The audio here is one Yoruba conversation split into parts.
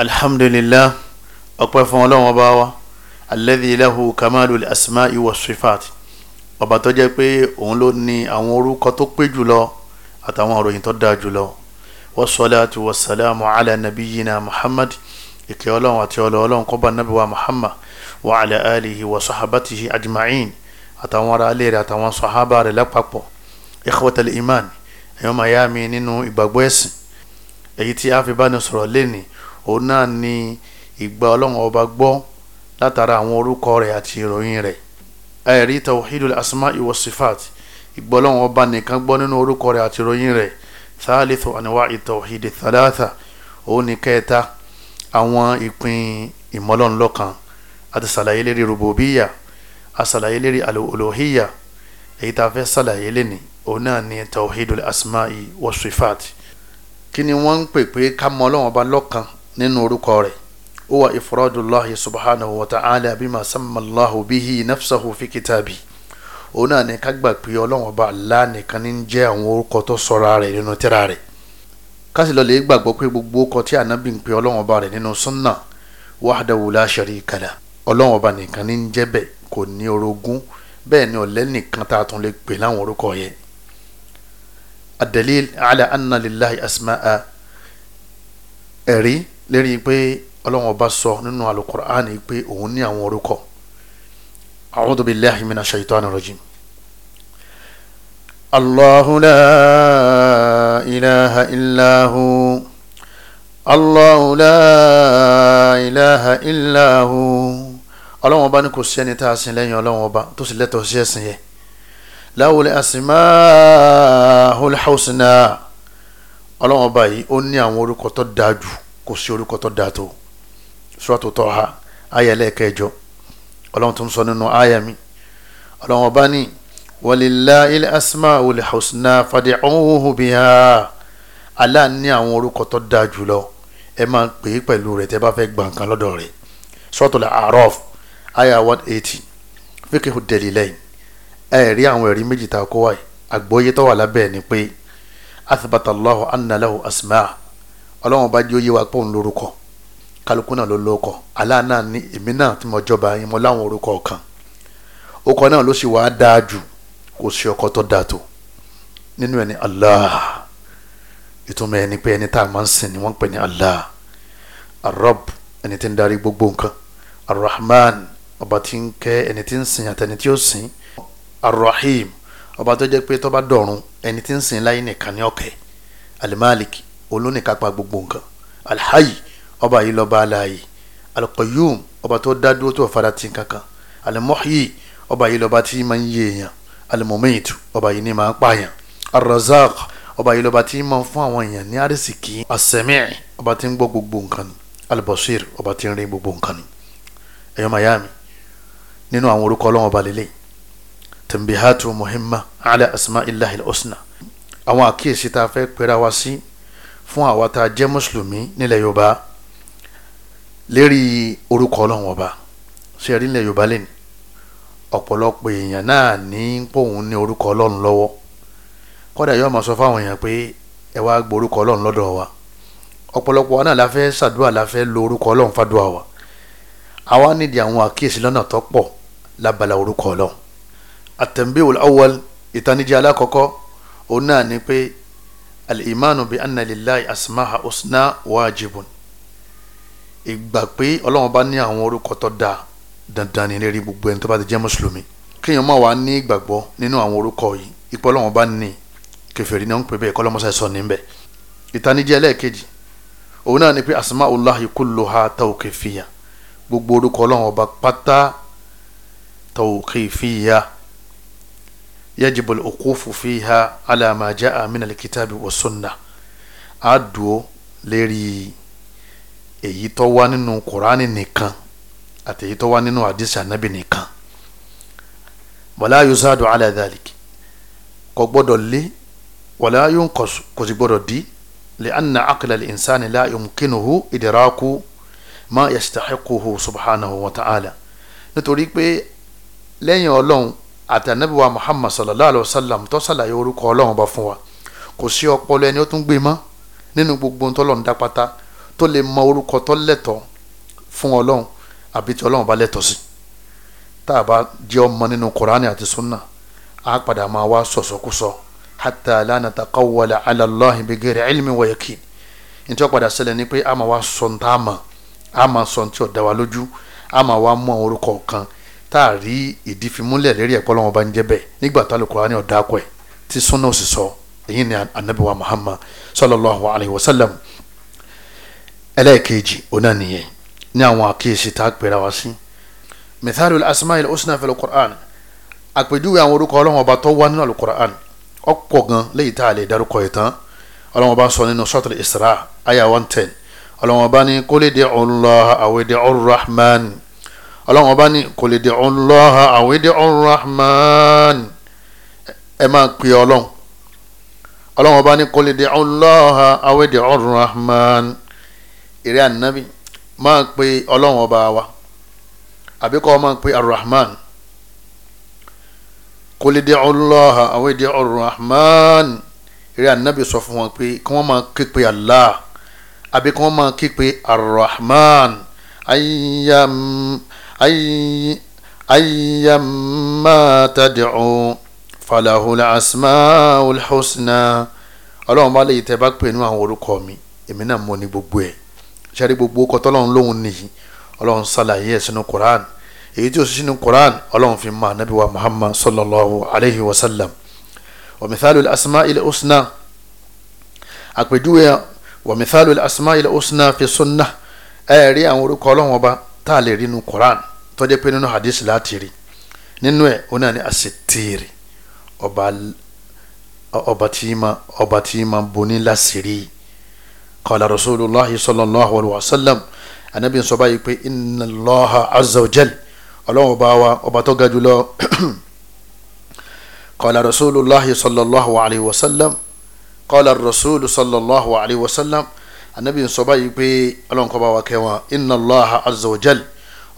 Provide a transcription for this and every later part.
alhamdulillah ọpẹ́ fún Ọlọ́run ọba wa alladhi lahu kamalul asma'i was sifat ọba tó jẹ́ pé òun ló ní àwọn orúkọ tó pé jùlọ àtàwọn òròyìn tó dáa jùlọ wassalatu wassalamu ala nabiyyina muhammad ìkẹ́ Ọlọ́run àti ọlọ Ọlọ́run kó bá nabi wa muhammad wa ala alihi wa sahabatihi ajma'in àtàwọn ará alẹ́ rẹ̀ àtàwọn sahaba rẹ̀ lápapọ̀ ikhwatal iman ẹ̀yọ́ mayami nínú ìgbàgbọ́ ẹ̀sìn èyí tí a fi bá ní sọ̀rọ̀ lénìí òun náà ni ìgbà ọlọ́run ọba gbọ́ látara àwọn orúkọ rẹ̀ àti ìròyìn rẹ̀ ẹ̀rí tawhidul asma'i wa sifat ìgbà ọlọ́run ọba nìkan gbọ́ nínú orúkọ rẹ̀ àti ìròyìn rẹ̀ thalithu anwa'i tawhidi thalatha òun ni kẹta àwọn ìpín ìmọ̀lọ́nlọ́kan àti sàlàyé lérí rububiya àsàlàyé lérí al èyí tá a fẹ́ sàlàyé lẹ́ni òun náà ni tawhidul asma'i wa sifat kí ni wọ́n ń pè pé ká mọ ọlọ́run ọba lọ́kan nínú orúkọ rẹ̀ ó wà ifradullahi subhanahu wa ta'ala bima sammallahu bihi nafsahu fi kitabi òun náà ní ká gbà pé ọlọ́wọ́n bá Allah nìkan ní jẹ́ àwọn orúkọ tó sọra rẹ̀ nínú tírà rẹ̀ kásì lọ lè gbàgbọ́ pé gbogbo orúkọ tí ànábì ń pe ọlọ́wọ́n bá rẹ̀ nínú sunna wahdahu la sharika lah ọlọ́wọ́n bá nìkan ní jẹ́ bẹ́ẹ̀ kò ní orogún bẹ́ẹ̀ ni ọ̀lẹ́ nìkan tá a tún lè pè láwọn orúkọ yẹn ad-dalil anna lillahi asma'a ẹ̀rí lérí pé ọlọ́run ọba sọ nínú alukur'an pé òun ní àwọn orúkọ a'udhu billahi minash shaitani rajim. الله لا إله إلا هو الله لا إله إلا هو ọlọ́wọ́n ọba ní kò sí ẹni tá a sin lẹ́yìn ọlọ́wọ́n ọba tó sì lẹ́tọ̀ọ́ sí ẹ̀sìn yẹn láwùlẹ̀ asmaahul husna ọlọ́wọ́n ọba yìí ó ní àwọn orúkọ tó dáa jù kò sí orúkọ tó dáa tó suratu Taha aya ẹlẹ́ẹ̀kẹjọ ọlọ́run tó ń sọ nínú aya mi ọlọ́run ọba ní walillahil asmaul husna fad'uhu biha Allah ní àwọn orúkọ tó dáa jùlọ ẹ máa pè é pẹ̀lú rẹ̀ tẹ́ bá fẹ́ gbà nǹkan lọ́dọ̀ rẹ̀ suratul A'raf aya one eighty fíkìhù dalilayn ẹ rí àwọn ẹ̀rí méjì tá a kó wáyé àgbọ́yé wà lábẹ́ ẹ̀ ni pé athbata Allahu anna ọlọ́run bá jẹ́ òye wa pọ̀ ń lórúkọ kálukú náà ló lórúkọ Allah náà ní èmi náà tí mo jọba yín mo láwọn orúkọ kan orúkọ náà ló sì wáá dáa jù kò sí ọkọ tó dáa tó nínú ẹni Allah ìtumọ̀ ẹni pé ẹni tá a máa ń sìn ni wọ́n ń pè ní Allah arab ẹni tí ń darí gbogbo nǹkan arrahman ọba tí ń kẹ́ ẹni tí ń sìn àtẹni tí ó sìn arrahim ọba tó jẹ́ pé tó dọ̀run ẹni tí ń sìn láyé nìkan ní ọ̀kẹ́ alimalik olónìkápá gbogbo nǹkan alhayi ọba yìí lọ́ba aláàyè alqayyum ọba tó dá dúró tó fara tí kankan almuhyi ọba yìí lọ́ba tí máa ń yé èèyàn almumitu ọba yìí ni máa ń pààyàn arrazaq ọba yìí lọ́ba tí máa ń fún àwọn èèyàn ní àrísìkí asẹ̀míì ọba tí ń gbọ́ gbogbo nǹkan ni albasir ọba tí ń rí gbogbo nǹkan ni ẹ̀yọ́ mayami nínú àwọn orúkọ ọlọ́wọ́n ọba lélẹ́yìn tanbihatu muhimma ala asma'illahi al-husna àwọn àkíyèsí tá a fẹ́ pera wa sí fún àwa tá a jẹ́ mùsùlùmí nílẹ̀ yorùbá lérí orúkọ ọlọ́run ọba ṣe rí nílẹ̀ yorùbá lẹ́nu ọ̀pọ̀lọpọ̀ èèyàn náà ní pòun ní orúkọ ọlọ́run lọ́wọ́ kódà yóò máa sọ fáwọn èèyàn pé ẹ wá gbọ́ orúkọ ọlọ́run lọ́dọ̀ wa ọ̀pọ̀lọpọ̀ wa náà la fẹ́ ṣàdúrà la fẹ́ lo orúkọ ọlọ́run fàdúrà wa àwa nídìí àwọn àkíyèsí lọ́nà tó pọ̀ lábala orúkọ ọlọ́run àtẹ̀mbéwòl awwal ìtanijí alákọ̀ọ́kọ́ òun náà ni pé al-imanu bi anna lillahi asmaha husna wajibun ìgbà pé ọlọ́run bá ní àwọn orúkọ tó dáa dandan ni lérí gbogbo ẹni tó bá ti jẹ́ mùsùlùmí kéèyàn má wàá ní ìgbàgbọ́ nínú àwọn orúkọ yìí ipò ọlọ́run bá ní kèfèrí náà ń pè bẹ́ẹ̀ kọ́lọ́mọsá sọ níbẹ̀ ìtanijẹ́ ẹlẹ́ẹ̀kejì òun náà ni pé asma'ullahi kulluha tawqifiyya gbogbo orúkọ ọlọ́run ọba pátá tawqifiyya yajibu al-uqufu fiha ala ma jaa min al-kitabi wa sunna a dúró lérí èyí tó wá nínú kuraani nìkan àti èyí tó wá nínú hadisi anabi nìkan wala yuzadu ala dhaliki kò gbọ́dọ̀ lé wala yunqas kò sì gbọ́dọ̀ dí li anna aqla al-insani la yumkinuhu idraku ma yastahiquhu subhanahu wa ta'ala nítorí pé lẹ́yìn ọlọ́run àtànàbíwá muhammad sallallahu alayhi wa sallam tó ṣàlàyé orúkọ ọlọ́run ọba fún wa kò sí ọpọlọ ẹni ó tún gbé mọ́ nínú gbogbo ntọ́lọ́run dápátá tó lè mọ orúkọ tó lẹ́tọ̀ fún ọlọ́run àbí tí ọlọ́run bá lẹ́tọ̀ sí tá a bá jẹ́ ọmọ nínú kuraani àti sunna a padà máa wá sọ̀sọ̀kúsọ hatta la nataqawwala ala Allahi bi ghairi ilmi wa yakin ntí ó padà ṣẹlẹ̀ ni pé a máa wá sọ ntá a máa sọ ntí lójú a máa wá mú orúkọ kan tá a rí ìdí fi múlẹ̀ lérí ẹ̀kọ́ lọ́wọ́ bá ń jẹ́ bẹ́ẹ̀ nígbà tá Al-Qur'ani ó dákọ̀ ẹ̀ tí súnà sì sọ èyí ni anabi wa Muhammad sallallahu alayhi wa sallam ẹlẹ́ẹ̀kejì ọ̀nà nìyẹn ní àwọn àkíyèsí tá a pèrè wá sí mithalul asma'il husna fil Qur'an àpèjúwe àwọn orúkọ Ọlọ́hun Ọba tó wá nínú Al-Qur'an ọ̀pọ̀ gan léyìí tá a lè dárúkọ ẹ̀ tán Ọlọ́hun Ọba sọ nínú suratul Isra aya one ten Ọlọ́hun Ọba ní kólé de Allah àwẹ̀dẹ̀ ọlọ́run ọba ní kò lè dé ọlọ́ha àwédé ọ̀rọ̀hàn ẹ máa pè ọlọ́run ọlọ́run ọba ní kò lè dé ọlọ́ha àwédé ọ̀rọ̀hàn eré ànábì máa pè ọlọ́run ọba wa àbíkọ́ máa pè arahman kò lè dé ọlọ́ha àwédé ọ̀rọ̀hàn eré ànábì sọ fún wọn pé kí wọ́n máa ké pe Allah àbí máa ké pe arahman ayam. أي أيما تدعو فله الأسماء الحسنى ọlọ́run bá léyìí tẹ́ bá pè nínú àwọn orúkọ mi èmi náà mọ̀ ní gbogbo ẹ̀ ṣáàrí gbogbo ọkọ̀ tọ́lọ́run lóhun nìyí ọlọ́run ṣàlàyé ẹ̀ sínú Quran èyí tí ó sì sínú Quran ọlọ́run fi máa nábì wa Muhammad sallallahu alayhi wa sallam wa asma il-husna àpèjúwe wa asma il-husna fi sunnah ẹ̀ẹ́rí àwọn orúkọ ọlọ́run ọba tá a lè rí nu Quran tó jẹ́ pé nínú hadith láti rí nínú ẹ̀ ó náà ní àṣetìrì ọba ọba tí ma ọba tí ma boni lásìrí kọ́lá rasulillah sallallahu alayhi wa sallam anabi sọ báyìí pé inna Allah azza wa jal wa ọba tó ga jùlọ kọ́lá rasulillah sallallahu alayhi wa sallam kọ́lá rasul sallallahu alayhi wa sallam anabi ń sọ báyìí pé ọlọ́run kó bá wa kẹ́ wọn inna Allaha azza wa jal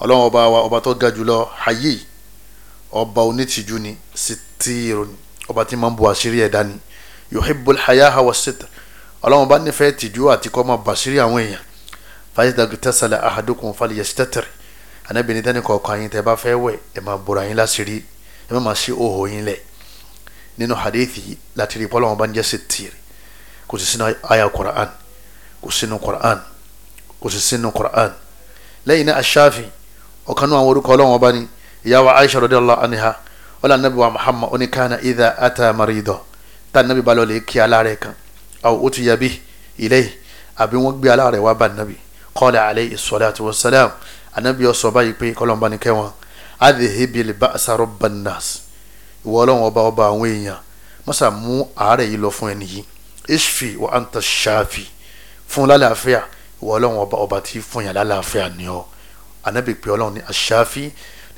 ọlọ́run ọba wa ọba tó ga jùlọ hayyi ọba onítìjú ni sitiru ni ọba tí máa ń bu àṣírí ẹ̀dá ni yuhibbul hayaha wa sitr ọlọ́run ọba nífẹ̀ẹ́ tìjú àti kó máa bàṣírí àwọn èèyàn fàyẹ̀dàgì tẹ́sàlẹ̀ ahadukum falẹ̀ yẹsítẹ́tẹ̀rẹ̀ anabi ní tẹ́ni kọ̀ọ̀kan yín tẹ́ bá fẹ́ wẹ̀ ẹ̀ máa bora yín láṣìírí ẹ̀ má máa ṣe òhò yín lẹ̀ nínú hadithi láti kò sínú Qur'an kò sì sínú Qur'an lẹ́yìn náà aṣáfi ọ̀kan náà àwọn orúkọ ọlọ́wọ́n bá ní ìyàwó Aisha radiyallahu anha ọ̀là nàbí wa Muhammad oníkànnà idha ata marido tá nàbí balọ̀ lè kí aláàrẹ̀ kan àwọn ó ti yàbí ilé àbí wọ́n gbé aláàrẹ̀ wá bá nàbí qala alayhi salatu wassalam anabi ọ̀sọ̀ báyìí pé kọ́lọ́mbà ní kẹwọn adhihibil ba'sa rabban nas ìwọ ọlọ́run ọba ọba àwọn èèyàn mọ́sàmú àárẹ̀ yìí lọ fún ẹni yìí fún lálàáfíà ìwọ ọlọ́run ọba ọba tí fún yàn lálàáfíà ni ọ anabi pé ọlọ́run ní aṣáfi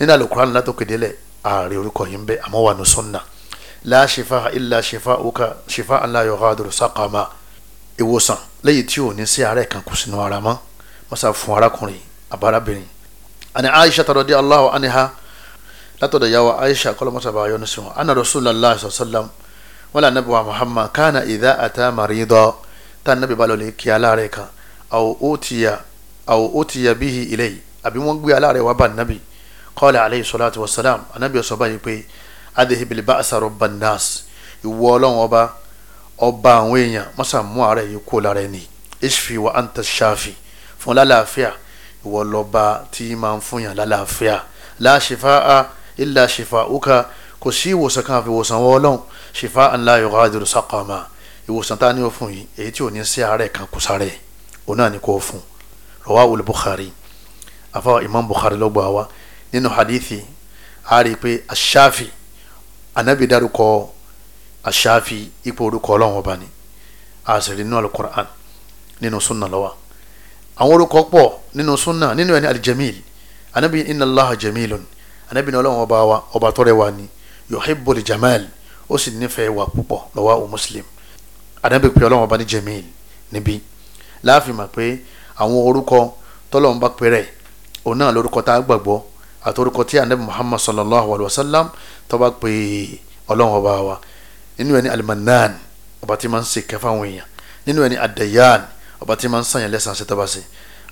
nínú àlùkùránì látòkèdélẹ̀ ààrẹ orúkọ yìí ń bẹ àmọ́ wà ní sunna la shifa illa shifa uka shifa la yughadiru saqama ìwòsàn lẹ́yìn tí ò ní sí àárẹ̀ kan kù sínú ara mọ́ mọ́sá fún arákùnrin àbárabìnrin àni aisha radiyallahu anha látọ̀dọ̀ yàwó aisha kọ́lọ́mọ́sá bá yọ́nu sí wọn anna rasulullah sallallahu alaihi wasallam wala tá nàbí bá lọlẹ̀ kí aláàrẹ̀ kan àwọ̀ ó ti yà àwọ̀ ó ti yà bíhi ilẹ̀ yìí àbí wọ́n gbé aláàrẹ̀ wá bá nàbí qala alayhi salatu wa salam anábì ọ̀sọ́ báyìí pé adhibil ba'sa rabban nas ìwọ ọlọ́run ọba ọba àwọn èèyàn mọ́sà mú àárẹ̀ yìí kó lára ẹni ishfi wa anta shafi fún lálàáfíà ìwọ tí máa fún yàn lálàáfíà la shifaa illa shifauka kò sí ìwòsàn kan àfi ìwòsàn wọ́ ọlọ́run shifaan la yughadiru saqama ìwòsàn tá a ní o fún yìí èyí tí ò ní sí àárẹ̀ kan kò sáré òun náà ni kò fún rawahu al-Bukhari afa imam Bukhari ló gbà wá nínú hadithi a rí i pé aṣáfi anabi dárúkọ aṣáfi ipò orúkọ ọlọ́run ọba ni a sì rí nínú alukur'an nínú sunna lọ́wọ́ àwọn orúkọ pọ̀ nínú sunna nínú ẹni aljamil anabi inna allaha jamilun anabi náà ọlọ́run ọba wa ọba tó rẹwà ni yuhibbul jamal ó sì nífẹ̀ẹ́ wà púpọ̀ lọ́wọ́ o muslim ànábì pé ọlọ́run ọba ní jamil níbí láàfin mà pé àwọn orúkọ tọ́lọ́run bá pè rẹ̀ òun náà lórúkọ tá a gbàgbọ́ àti orúkọ tí ànábì muhammad sallallahu alayhi wa sallam tó bá pè ọlọ́run ọba wa nínú ẹni alimannan ọba tí máa ń ṣe kẹfà àwọn èèyàn nínú ẹni adayan ọba tí máa ń sànyẹn lẹ́sàn ṣe tọ́ba sí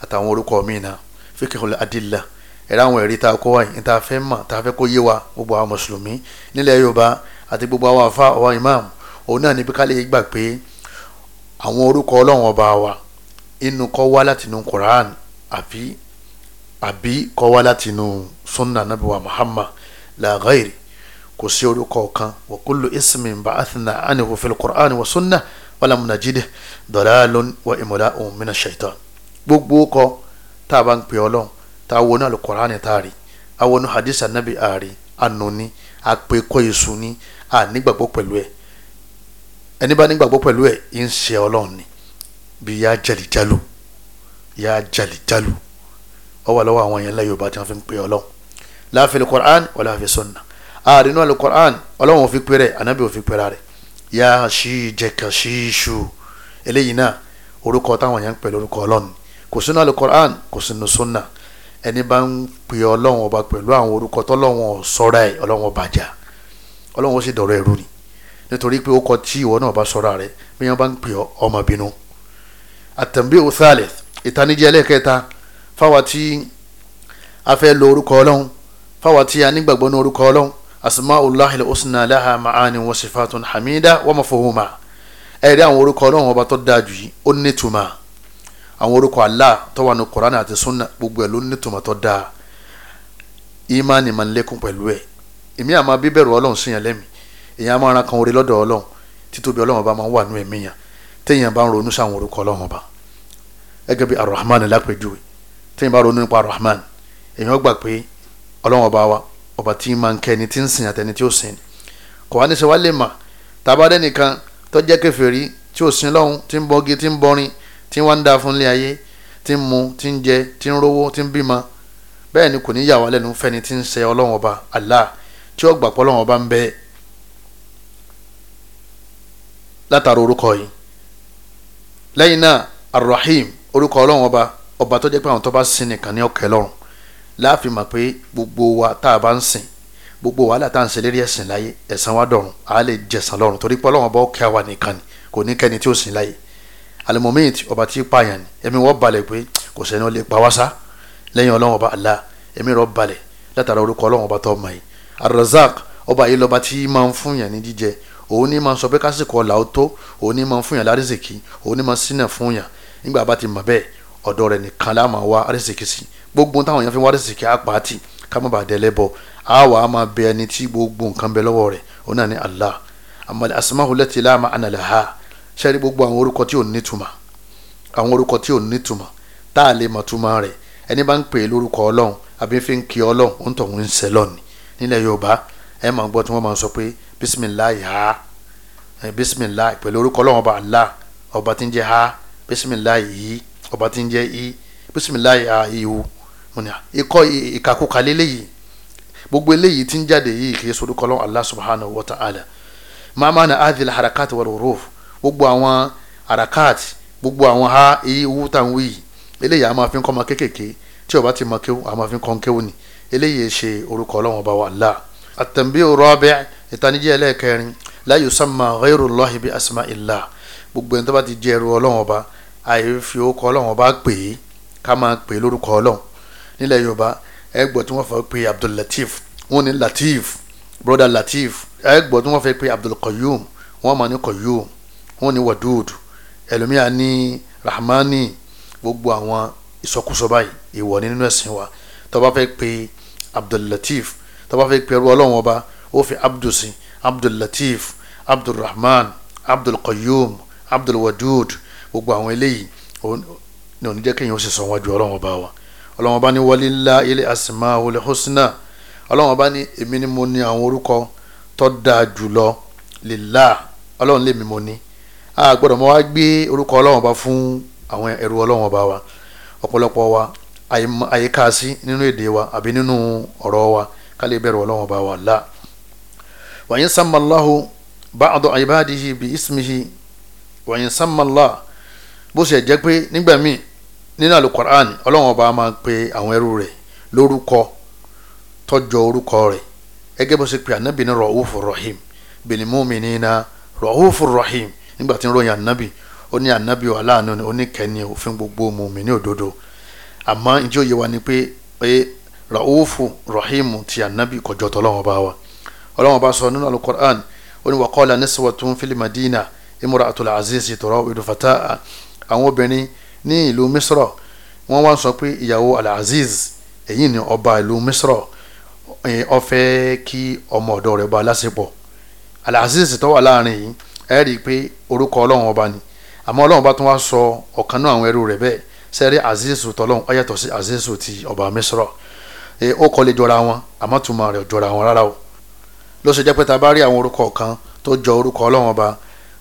àtàwọn orúkọ míì náà fíkẹ́hùn adìlá ẹ̀rọ àwọn ẹ̀rí tá a kó wáyé tá mọ̀ tá a fẹ́ kó yé wa gbogbo àwọn mùsùlùmí nílẹ̀ yorùbá àti gbogbo àwọn àfa àwọn imam òun náà níbi ká lè gbà pé àwọn orúkọ ọlọ́run ọba wa inú kọ́ wá látinú Quran àbí àbí kọ́ wá látinú sunna nabi wa Muhammad la ghairi kò sí orúkọ kan wa kullu ismin ba'athna anhu fil Quran wa sunna walam najidih dalalun wa imla'un mina shaitan gbogbo kọ tá a bá ń pè ọlọ́run tá a wọnú alukur'ani tá a rí a wọnú hadith anabi a rí anoni àpèkọ ni a nígbàgbọ́ pẹ̀lú ẹ̀ ẹni bá nígbàgbọ́ pẹ̀lú ẹ̀ ń ṣe ọlọ́run ni bí yá jàlìjàlù yá jàlìjàlù ọ wà lọ́wọ́ àwọn yẹn lẹ́yìn ọba tí wọ́n fi ń pè ọlọ́run láàfin alukur'an wàlá àfi sunna àdínú alukur'an ọlọ́run ò fi pè rẹ̀ anábì ò fi pè rẹ̀ yá ṣí jẹ̀kà ṣí ṣù eléyìí náà orúkọ táwọn yẹn ń pè lórúkọ ọlọ́run kò sínú alukur'an kò sínú sunna ẹni bá ń pè ọlọ́run ọba pẹ̀lú àwọn orúkọ tọ́lọ́run ọ̀sọ́ra ẹ̀ ọlọ́run ọba jà ọlọ́run ó sì dọ̀rọ̀ ẹ̀rú ni nítorí pé ó kọ tí ìwọ náà bá sọra rẹ bí wọn bá ń pè ọ ọmọ bínú àtẹ̀mbí òsàlẹ̀ ìtanijẹ́ ẹlẹ́kẹta fáwa tí a fẹ́ lo orúkọ ọlọ́run fáwa tí a nígbàgbọ́ ní orúkọ ọlọ́run asma'ullahil husna laha ma'ani wa sifatun hamida wa mafahuma ẹ̀rí àwọn orúkọ ọlọ́run ọba tó dáa jù yìí ó nítumọ̀ àwọn orúkọ Allah tó ní Qur'an àti sunna gbogbo ẹ̀ ló nítumọ̀ tó dáa ìmánì máa ń pẹ̀lú ẹ̀ ìmí àmọ́ bíbẹ̀rù ọlọ́run sí yẹn lẹ́mìí èèyàn máa ran kan oore lọ́dọ̀ ọlọ́run títóbi ọlọ́run ọba máa ń wà nú ẹ̀mí yàn téèyàn bá ń ronú sáwọn orúkọ ọlọ́run ọba gẹ́gẹ́ bí arahman lápẹjúwe téèyàn bá ronú nípa arahman èèyàn gbà pé ọlọ́run ọba wa ọba tí máa ń kẹ́ni tí ń sìn àtẹni tí ó sìn kò wá ní sọ wá lè mà tàbádẹ́ nìkan tó jẹ́ kèfèrí tí ò sin lọ́hún tí ń bọ́gi tí ń bọrin tí wọ́n ń da fún ilé ayé tí ń mu tí ń jẹ tí ń rówó tí ń bímọ bẹ́ẹ̀ ni kò ní yà wá lẹ́nu fẹ́ni tí ń ṣe ọlọ́run ọba Allah tí ó gbà pé ọlọ́run ọba ń bẹ́ẹ̀ látara orúkọ yìí lẹ́yìn náà arrahim orúkọ ọlọ́run ọba ọba tó jẹ́ pé àwọn tó bá sin nìkan ní ọ̀kẹ́ lọ́run láàfin mọ̀ pé gbogbo wa tá a bá ń sìn gbogbo wàhálà tá à ń ṣe lérí ẹ̀sìn láyé ẹ̀san wa dọ̀run à á lè jẹ̀san lọ́run torí pé ọlọ́run ọba ọ̀kẹ́ àwa nìkan ni kò ní kẹ́ni tí ó sìn láyé alimọ̀mí ọba tí pààyàn ni ẹ̀mí wọ́n balẹ̀ pé kò sẹ́ni ó lè pa wá sá lẹ́yìn ọlọ́run ọba Allah ẹ̀mí rọ balẹ̀ látara orúkọ ọlọ́run ọba tó ọmọ yìí Ar-Razzaq òun ní máa sọ pé kásìkò ọ̀la ó tó òun ní máa fún yàn lárísìkì òun ní máa sínà fún yàn nígbà bá ti mọ̀ bẹ́ẹ̀ ọ̀dọ̀ rẹ̀ nìkan lá máa wá àrísìkì sí gbogbo táwọn èèyàn fi wá àrísìkì á pa á tì ká má bàa dẹ́lẹ́ bọ̀ á wà á máa bẹ ẹni tí gbogbo nǹkan bẹ lọ́wọ́ rẹ̀ òun náà ní Allah àmàlẹ́ asmahu lẹ́tì láàmà ànàlẹ́hà ṣẹ́rí gbogbo àwọn orúkọ tí ò nítumọ̀ àwọn orúkọ tí ò nítumọ̀ tá a lè mọ̀ túmọ̀ rẹ̀ ẹni bá ń pè é lórúkọ ọlọ́run àbí fi ń kí ọlọ́run ó ń tọ̀hún ń sẹ́lọ̀ ní nílẹ̀ yorùbá ẹ máa gbọ́ tí wọ́n máa sọ pé bisimilayi ha eh, bisimilayi pẹ̀lú orúkọ ọlọ́run ọba Allah ọba tí ń jẹ́ ha bisimilayi yìí ọba tí ń jẹ́ i bisimilayi ha ihu ikọ́ ìkàkùkà lélẹ́yìí gbogbo eléyìí tí ń jáde yìí kì í sọ orúkọ ọlọ́run Allah subhanahu wa ta'ala mama na adil harakat wal huruf gbogbo àwọn harakat gbogbo àwọn ha ihu tàn wí eléyìí a máa fi ń kọ́ ọmọ kéékèèké tí ọba ti mọ kéwù a kọ́ kéwù ni eléyìí ṣe orúkọ ọlọ́run ọba wa Allah at-tanbih ìtanijẹ́ ẹlẹ́ẹ̀kẹrin la yusamma ghayrullahi bi asma'illah gbogbo ẹni tó bá ti jẹ́ ẹrú ọlọ́run ọba àyè fi orúkọ ọlọ́run ọba pè é ká máa pè é lórúkọ ọlọ́run nílẹ̀ yorùbá ẹgbọ́ tí wọ́n fẹ́ pe Abdul Latif wọ́n ní Latif broda Latif ẹgbọ́ tí wọ́n fẹ́ pe Abdul Qayyum wọ́n máa ní Qayyum wọ́n ní Wadud ẹlòmíà ní Rahmani gbogbo àwọn ìsọkúsọ báyìí ìwọ nínú ẹ̀sìn wa tó fẹ́ pe Abdul Latif tó fẹ́ pe ẹrú ọlọ́run ọba ó fi abdul sí abdullatif abdulrahman abdulqayyum abdulwadud gbogbo àwọn eléyìí ní òní jẹ́ kéèyàn ó sì sọ wọn ju ọlọ́run ọba wa ọlọ́run ọba ní walillahi il asmaul husna ọlọ́run ọba ní èmi ni mo ní àwọn orúkọ tó dáa jùlọ lillah ọlọ́run lèmi mo ní a gbọ́dọ̀ mọ́ wá gbé orúkọ ọlọ́run ọba fún àwọn ẹrú ọlọ́run ọba wa ọ̀pọ̀lọpọ̀ wa àyíká sí nínú èdè wa àbí nínú ọ̀rọ̀ wa ká lè bẹ̀rù ọlọ́run ọba wa láà وإن سمى الله بعض عباده باسمه وإن سمى الله bó ṣe jẹ́ pé nígbà míì nínú alukur'an ọlọ́run ọba máa pe àwọn ẹrú rẹ̀ lórúkọ tọ́jọ orúkọ rẹ̀ gẹ́gẹ́ bó ṣe pe anabi ní rọ̀húfù rahim bilimuminina rọ̀húfù rahim nígbà tí ń ròyìn anabi ó ní anabi wà láàánú ni ó ní kẹ́ni òfin gbogbo mùmíní òdodo àmọ́ ìjọ yẹ wa ni pé rọ̀húfù rahim ti anabi kọjọ tọ́lọ́run ọba wa ọlọ́wọ́n bá sọ nínú alukur'an ó ní wa qala niswatun fil madina imra'atul aziz turawidu fataha àwọn obìnrin ní ìlú misra wọ́n wá sọ pé ìyàwó al-aziz èyí ni ọba ìlú misra ó fẹ́ kí ọmọ ọ̀dọ̀ rẹ̀ bá láṣepọ̀ al-aziz tó wà láàrin yìí ẹ rí i pé orúkọ ọlọ́run ọba ni àmọ́ ọlọ́run bá tún wá sọ ọ̀kan náà àwọn ẹrú rẹ̀ bẹ́ẹ̀ sẹ́rí azizu tọ́lọ́hún ó yàtọ̀ sí azizu ti ọba misra ó kọ́ lè jọra wọn àmọ́ tùmọ̀ rẹ̀ jọra wọn rárá o ló ṣe jẹ́ pé ta bá rí àwọn orúkọ kan tó jọ orúkọ ọlọ́run ọba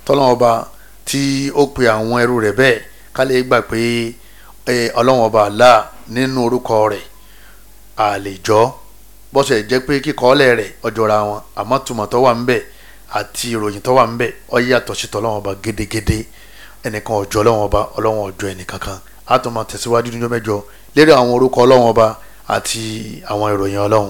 tọ́lọ́run ọba tí ó pe àwọn ẹrú rẹ̀ bẹ́ẹ̀ ká lè gbà pé ọlọ́run ọba àlá nínú orúkọ rẹ̀ àlejò bọ́sẹ̀ jẹ́ pé kíkọ́lẹ̀ rẹ̀ ọjọ́ra wọn àmọ́ tùmọ̀ tó wà ń bẹ̀ àti ìròyìn tó wà ń bẹ̀ ó yàtọ̀ sí tọ́lọ́run ọba gédégédé ẹnìkan ọjọ́ ọlọ́run ọba ọlọ́run ọjọ́ ẹnìkan kan á tún máa tẹ̀síwájú níjọ́ mẹ́jọ lérí àwọn orúkọ ọlọ́run ọba àti àwọn ìròyìn ọlọ́run